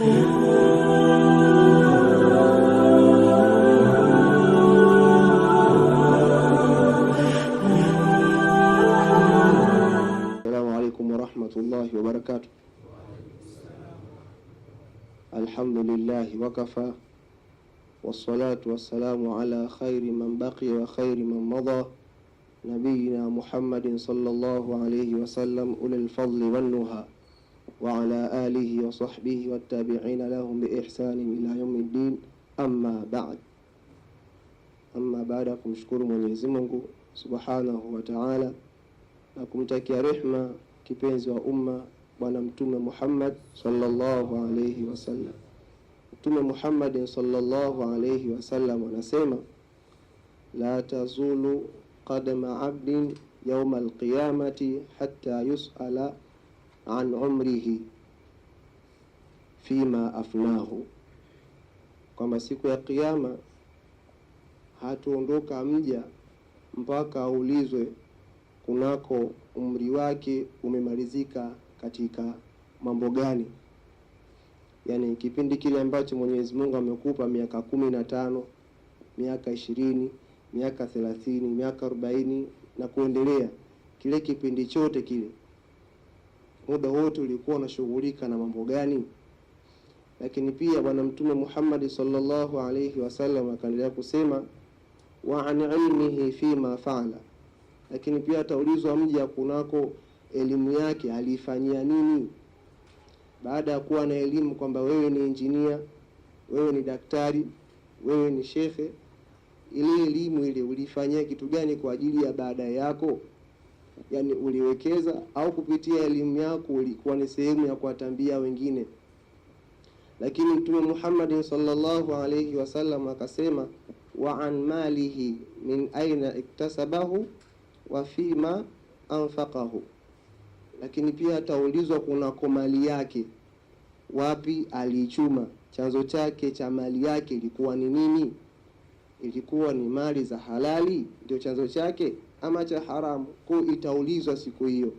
السلام عليكم ورحمة الله وبركاته الحمد لله وكفى والصلاة والسلام على خير من بقي وخير من مضى نبينا محمد صلى الله عليه وسلم أولي الفضل والنهى وعلى آله وصحبه والتابعين لهم بإحسان إلى يوم الدين amma ba'd amma baada ya kumshukuru Mwenyezi Mungu Subhanahu wa Ta'ala na kumtakia rehma kipenzi wa umma bwana mtume Muhammad sallallahu alayhi wasallam. Mtume Muhammad sallallahu alayhi wasallam anasema la tazulu qadama 'abdin yawma alqiyamati hatta yus'ala an umrihi fima afnahu, kwamba siku ya Kiyama hatuondoka mja mpaka aulizwe kunako umri wake umemalizika katika mambo gani. Yani kipindi kile ambacho Mwenyezi Mungu amekupa miaka kumi na tano, miaka ishirini, miaka thelathini, miaka arobaini na kuendelea, kile kipindi chote kile muda wote ulikuwa unashughulika na mambo gani? Lakini pia Bwana Mtume Muhammad sallallahu alayhi wasallam akaendelea kusema wa an ilmihi fima faala, lakini pia ataulizwa mja kunako elimu yake aliifanyia nini? Baada ya kuwa na elimu kwamba wewe ni injinia, wewe ni daktari, wewe ni shekhe, ile elimu ile ulifanyia kitu gani kwa ajili ya baada yako? yani uliwekeza au kupitia elimu yako ulikuwa ni sehemu ya kuwatambia wengine. Lakini Mtume Muhammad sallallahu alayhi wasallam akasema, wa an malihi min aina iktasabahu wa fima anfaqahu. Lakini pia ataulizwa kunako mali yake, wapi aliichuma, chanzo chake cha mali yake ilikuwa ni nini? Ilikuwa ni mali za halali ndio chanzo chake ama cha haramu, ku itaulizwa siku hiyo.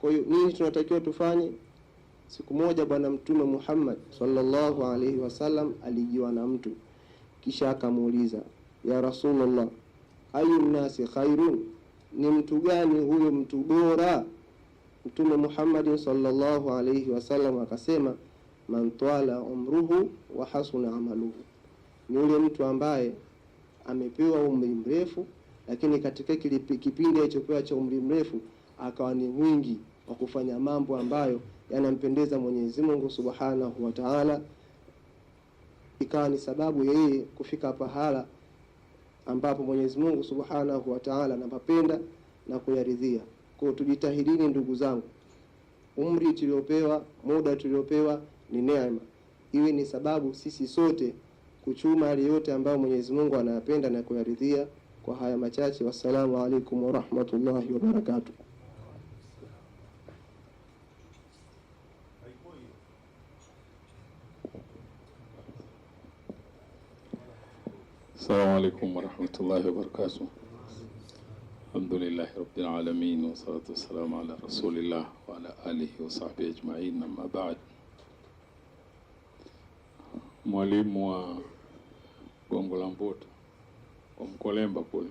Kwa hiyo nini tunatakiwa tufanye? Siku moja Bwana Mtume Muhammad sallallahu alaihi wasallam alijiwa na mtu, kisha akamuuliza ya Rasulullah, ayu nnasi khairun, ni mtu gani huyo mtu bora? Mtume Muhammad sallallahu alaihi wasallam akasema, man twala umruhu wa hasuna amaluhu, ni yule mtu ambaye amepewa umri mrefu lakini katika kipindi alichopewa cha umri mrefu akawa ni mwingi wa kufanya mambo ambayo yanampendeza Mwenyezi Mungu Subhanahu wa Ta'ala, ikawa ni sababu yeye kufika pahala ambapo Mwenyezi Mungu Subhanahu wa Ta'ala anapapenda na kuyaridhia. Kwa tujitahidini ndugu zangu, umri tuliopewa, muda tuliopewa ni neema, iwe ni sababu sisi sote kuchuma yale yote ambayo Mwenyezi Mungu anayapenda na kuyaridhia. Kwa haya machache, wassalamu alaikum warahmatullahi wabarakatuh. السلام عليكم ورحمة الله وبركاته الحمد لله رب العالمين والصلاة والسلام على رسول الله وعلى آله وصحبه أجمعين أما بعد mwalimu wa Gongo Mkolemba kule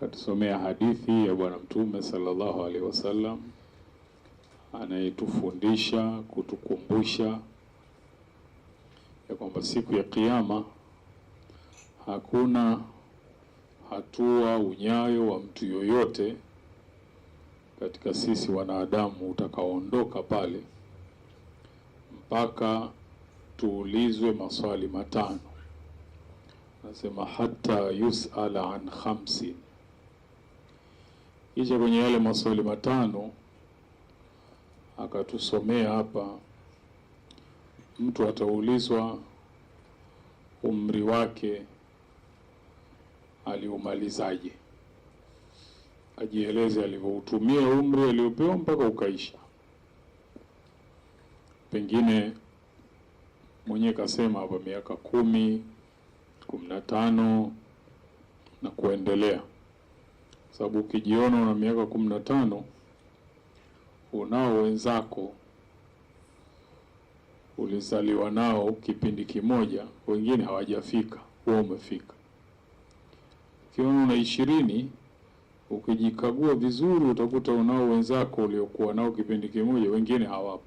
katusomea hadithi ya Bwana Mtume sallallahu alaihi wasallam anayetufundisha kutukumbusha ya kwamba siku ya Kiyama hakuna hatua unyayo wa mtu yoyote katika sisi wanadamu utakaoondoka pale mpaka tuulizwe maswali matano. Anasema hata yusala an khamsi, kisha kwenye yale maswali matano akatusomea hapa, mtu ataulizwa umri wake aliumalizaje, ajieleze alivyoutumia umri aliopewa mpaka ukaisha. Pengine mwenyewe kasema hapa miaka kumi kumi na tano na kuendelea, sababu ukijiona una miaka kumi na tano unao wenzako ulizaliwa nao kipindi kimoja, wengine hawajafika, huwa umefika. Ukiona una ishirini, ukijikagua vizuri, utakuta unao wenzako uliokuwa nao kipindi kimoja, wengine hawapo.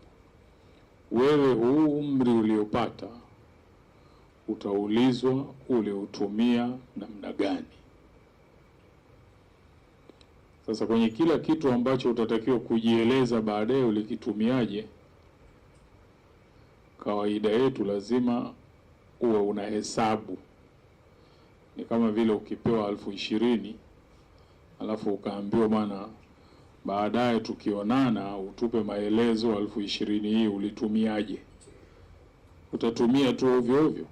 Wewe huu umri uliopata utaulizwa uliutumia namna gani. Sasa kwenye kila kitu ambacho utatakiwa kujieleza baadaye ulikitumiaje, kawaida yetu lazima uwe unahesabu. Ni kama vile ukipewa elfu ishirini alafu ukaambiwa bwana, baadaye tukionana utupe maelezo elfu ishirini hii ulitumiaje? Utatumia tu ovyo ovyo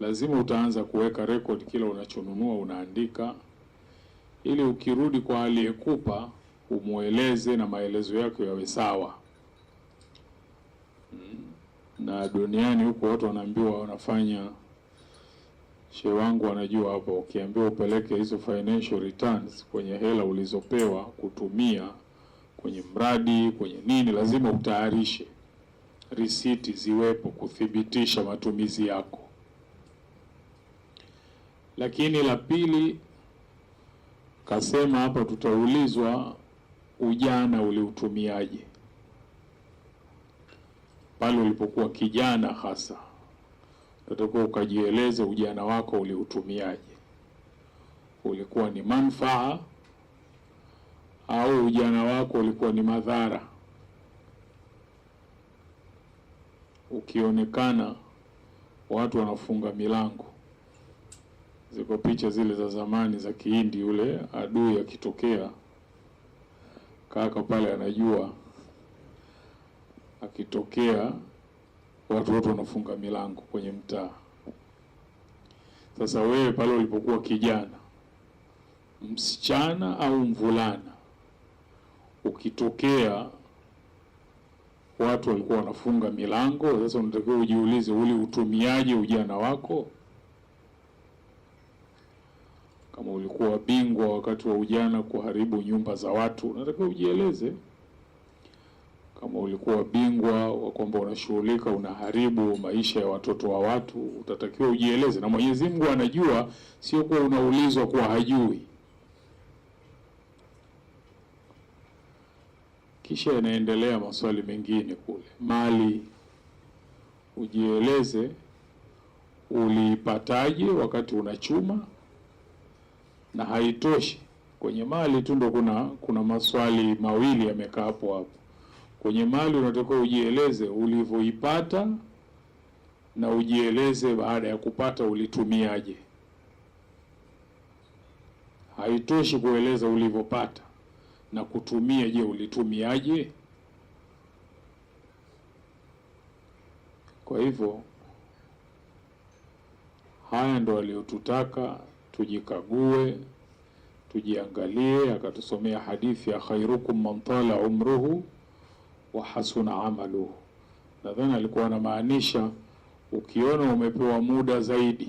lazima utaanza kuweka rekodi, kila unachonunua unaandika, ili ukirudi kwa aliyekupa umweleze na maelezo yako yawe sawa. Hmm. Na duniani huko watu wanaambiwa wanafanya shehe wangu wanajua hapo, ukiambiwa upeleke hizo financial returns kwenye hela ulizopewa kutumia kwenye mradi kwenye nini, lazima utayarishe risiti ziwepo kuthibitisha matumizi yako. Lakini la pili kasema hapa, tutaulizwa ujana uliutumiaje pale ulipokuwa kijana, hasa tatakuwa ukajieleza ujana wako uliutumiaje, ulikuwa ni manfaa au ujana wako ulikuwa ni madhara? Ukionekana watu wanafunga milango ziko picha zile za zamani za Kihindi, yule adui akitokea kaka pale anajua akitokea watu wote wanafunga milango kwenye mtaa. Sasa wewe pale ulipokuwa kijana, msichana au mvulana, ukitokea watu walikuwa wanafunga milango. Sasa unatakiwa ujiulize, uli utumiaje ujana wako? Kama ulikuwa bingwa wakati wa ujana kuharibu nyumba za watu, unatakiwa ujieleze. Kama ulikuwa bingwa wa kwamba unashughulika unaharibu maisha ya watoto wa watu, utatakiwa ujieleze, na Mwenyezi Mungu anajua, sio kuwa unaulizwa kuwa hajui. Kisha inaendelea maswali mengine kule, mali, ujieleze uliipataje wakati unachuma na haitoshi. Kwenye mali tu ndo kuna kuna maswali mawili yamekaa hapo hapo. Kwenye mali unatakiwa ujieleze ulivyoipata na ujieleze baada ya kupata ulitumiaje. Haitoshi kueleza ulivyopata na kutumia. Je, ulitumiaje? Kwa hivyo haya ndo aliyotutaka tujikague, tujiangalie. Akatusomea hadithi ya khairukum man tala umruhu wa hasuna amaluhu. Nadhani alikuwa anamaanisha ukiona umepewa muda zaidi,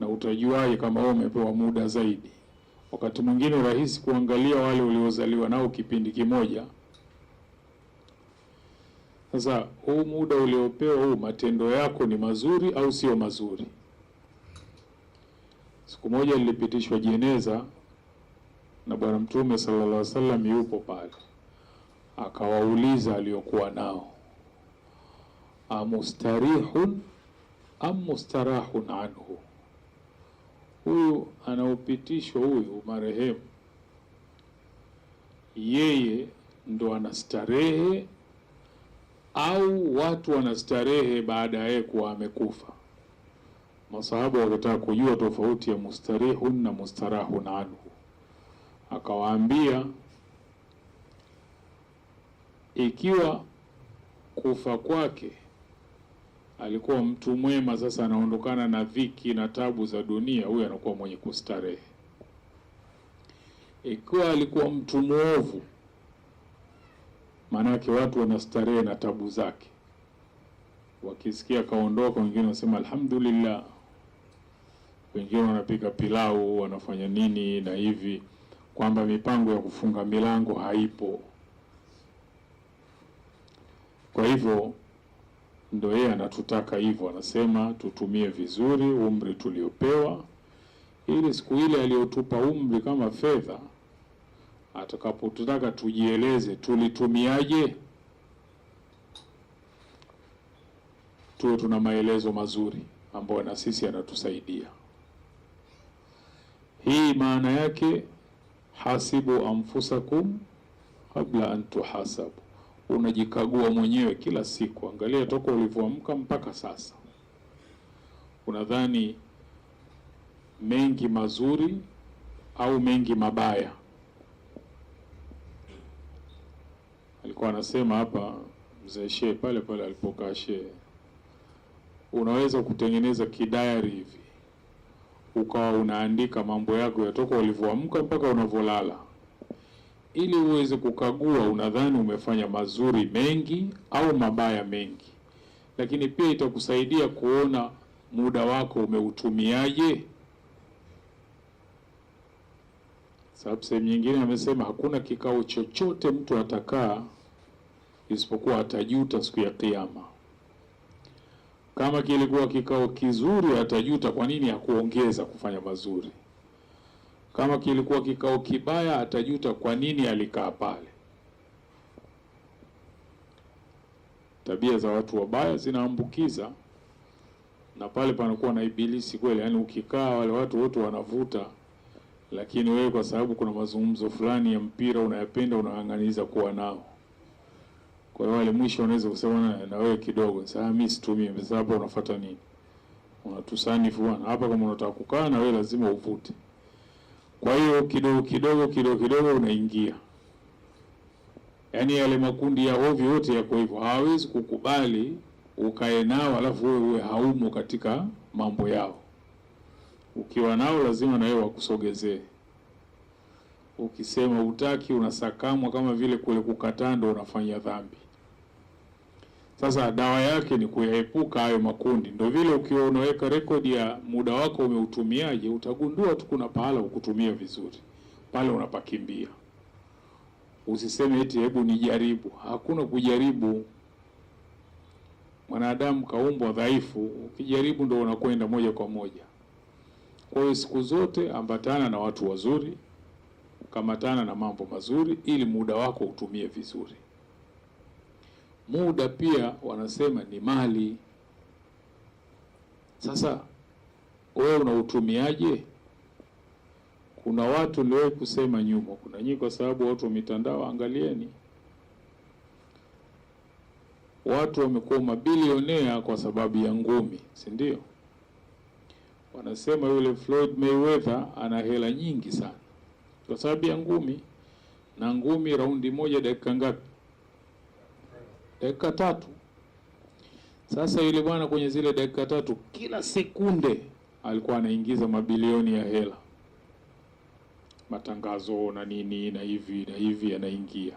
na utajuaje kama wewe umepewa muda zaidi? Wakati mwingine rahisi kuangalia wale uliozaliwa nao kipindi kimoja. Sasa huu muda uliopewa huu, matendo yako ni mazuri au sio mazuri? Siku moja lilipitishwa jeneza na Bwana Mtume sallallahu alaihi wasallam yupo pale, akawauliza aliyokuwa nao, amustarihun am mustarahun anhu, huyu anaupitishwa huyu marehemu, yeye ndo anastarehe au watu wanastarehe baada ya yeye kuwa amekufa? Masahaba wakitaka kujua tofauti ya mustarihun na mustarahun anhu, akawaambia ikiwa kufa kwake alikuwa mtu mwema, sasa anaondokana na dhiki na tabu za dunia, huyo anakuwa mwenye kustarehe. Ikiwa alikuwa mtu mwovu, maanake watu wanastarehe na tabu zake, wakisikia kaondoka, wengine wanasema alhamdulillah wengine wanapika pilau, wanafanya nini na hivi, kwamba mipango ya kufunga milango haipo. Kwa hivyo ndo yeye anatutaka hivyo, anasema tutumie vizuri umri tuliopewa, ili siku ile aliyotupa umri kama fedha, atakapotutaka tujieleze tulitumiaje, tuwe tuna maelezo mazuri ambayo na sisi anatusaidia. Hii maana yake hasibu anfusakum kabla an tuhasabu, unajikagua mwenyewe kila siku. Angalia toka ulivyoamka mpaka sasa. Unadhani mengi mazuri au mengi mabaya? Alikuwa anasema hapa mzee shee, pale pale alipokaa shee, unaweza kutengeneza kidayari hivi ukawa unaandika mambo yako yatoka ulivyoamka mpaka unavyolala, ili uweze kukagua unadhani umefanya mazuri mengi au mabaya mengi. Lakini pia itakusaidia kuona muda wako umeutumiaje. Sababu sehemu nyingine amesema hakuna kikao chochote mtu atakaa isipokuwa atajuta siku ya Kiyama. Kama kilikuwa kikao kizuri, atajuta kwa nini kuongeza kufanya mazuri. Kama kilikuwa kikao kibaya, atajuta kwa nini alikaa pale. Tabia za watu wabaya zinaambukiza, na pale panakuwa na ibilisi kweli. Yaani ukikaa wale watu wote wanavuta, lakini wewe kwa sababu kuna mazungumzo fulani ya mpira unayapenda, unaanganiza kuwa nao. Kwa wale mwisho wanaweza kusema na wewe kidogo, sasa mimi situmie. Sasa Hapa unafuata nini? Unatusanifu bwana, hapa kama unataka kukaa na wewe lazima uvute. Kwa hiyo kidogo kidogo kidogo kidogo unaingia, yaani yale makundi ya ovyo yote yako hivyo, hawawezi kukubali ukae nao alafu wewe uwe haumo katika mambo yao. Ukiwa nao lazima na wewe wakusogezee. Ukisema utaki unasakamwa kama vile kule kukataa ndo unafanya dhambi. Sasa dawa yake ni kuyaepuka hayo makundi. Ndo vile ukiwa unaweka rekodi ya muda wako umeutumiaje, utagundua tu kuna pahala ukutumia vizuri, pale unapakimbia. Usiseme eti hebu nijaribu. Hakuna kujaribu. Mwanadamu kaumbwa dhaifu, ukijaribu ndo unakwenda moja kwa moja. Kwa hiyo siku zote ambatana na watu wazuri kamatana na mambo mazuri ili muda wako utumie vizuri. Muda pia wanasema ni mali. Sasa wewe unautumiaje? Kuna watu uliwahi kusema nyuma, kuna nyinyi, kwa sababu watu wa mitandao, angalieni, watu wamekuwa mabilionea kwa sababu ya ngumi, si ndio? Wanasema yule Floyd Mayweather ana hela nyingi sana kwa sababu ya ngumi. Na ngumi raundi moja dakika ngapi? Dakika tatu. Sasa yule bwana kwenye zile dakika tatu, kila sekunde alikuwa anaingiza mabilioni ya hela, matangazo na nini na hivi na hivi, anaingia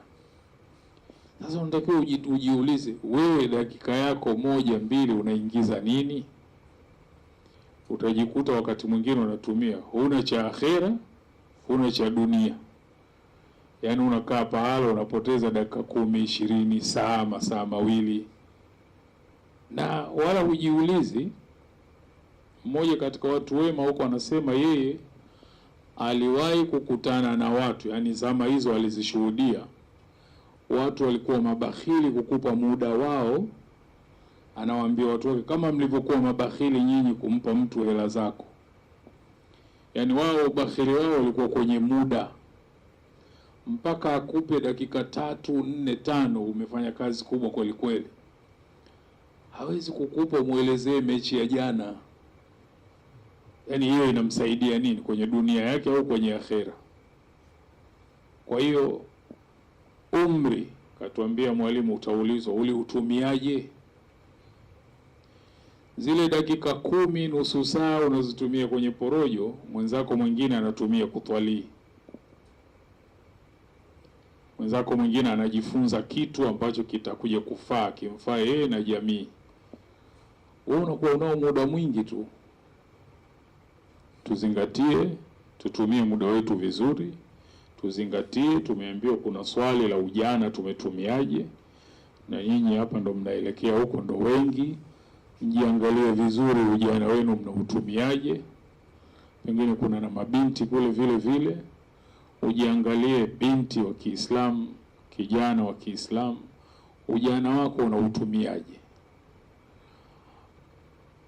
sasa unatakiwa ujiulize wewe, dakika yako moja mbili unaingiza nini? Utajikuta wakati mwingine unatumia, huna cha akhera huna cha dunia, yaani unakaa pahala unapoteza dakika kumi ishirini, saa masaa mawili, na wala hujiulizi. Mmoja katika watu wema huko anasema yeye aliwahi kukutana na watu, yaani zama hizo alizishuhudia, watu walikuwa mabakhili kukupa muda wao. Anawaambia watu wake, kama mlivyokuwa mabakhili nyinyi kumpa mtu hela zako Yaani wao ubashiri wao ulikuwa kwenye muda, mpaka akupe dakika tatu nne tano. Umefanya kazi kubwa kwelikweli kweli, hawezi kukupa umwelezee mechi ya jana. Yaani hiyo inamsaidia nini kwenye dunia yake au kwenye akhera? Kwa hiyo umri, katuambia mwalimu, utaulizwa uliutumiaje? zile dakika kumi nusu saa unazitumia kwenye porojo, mwenzako mwingine anatumia kutwalii, mwenzako mwingine anajifunza kitu ambacho kitakuja kufaa kimfaa yeye na jamii. Wewe unakuwa unao muda mwingi tu. Tuzingatie, tutumie muda wetu vizuri, tuzingatie. Tumeambiwa kuna swali la ujana, tumetumiaje? Na nyinyi hapa ndo mnaelekea huko, ndo wengi mjiangalie vizuri ujana wenu mnautumiaje. Pengine kuna na mabinti kule vile vile, ujiangalie binti wa Kiislamu, kijana wa Kiislamu, ujana wako unautumiaje?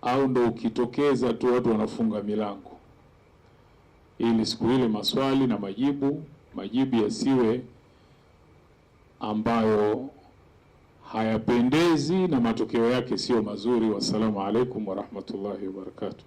Au ndo ukitokeza tu watu wanafunga milango, ili siku ile maswali na majibu majibu yasiwe ambayo hayapendezi na matokeo yake sio mazuri. Wassalamu alaikum warahmatullahi wabarakatuh.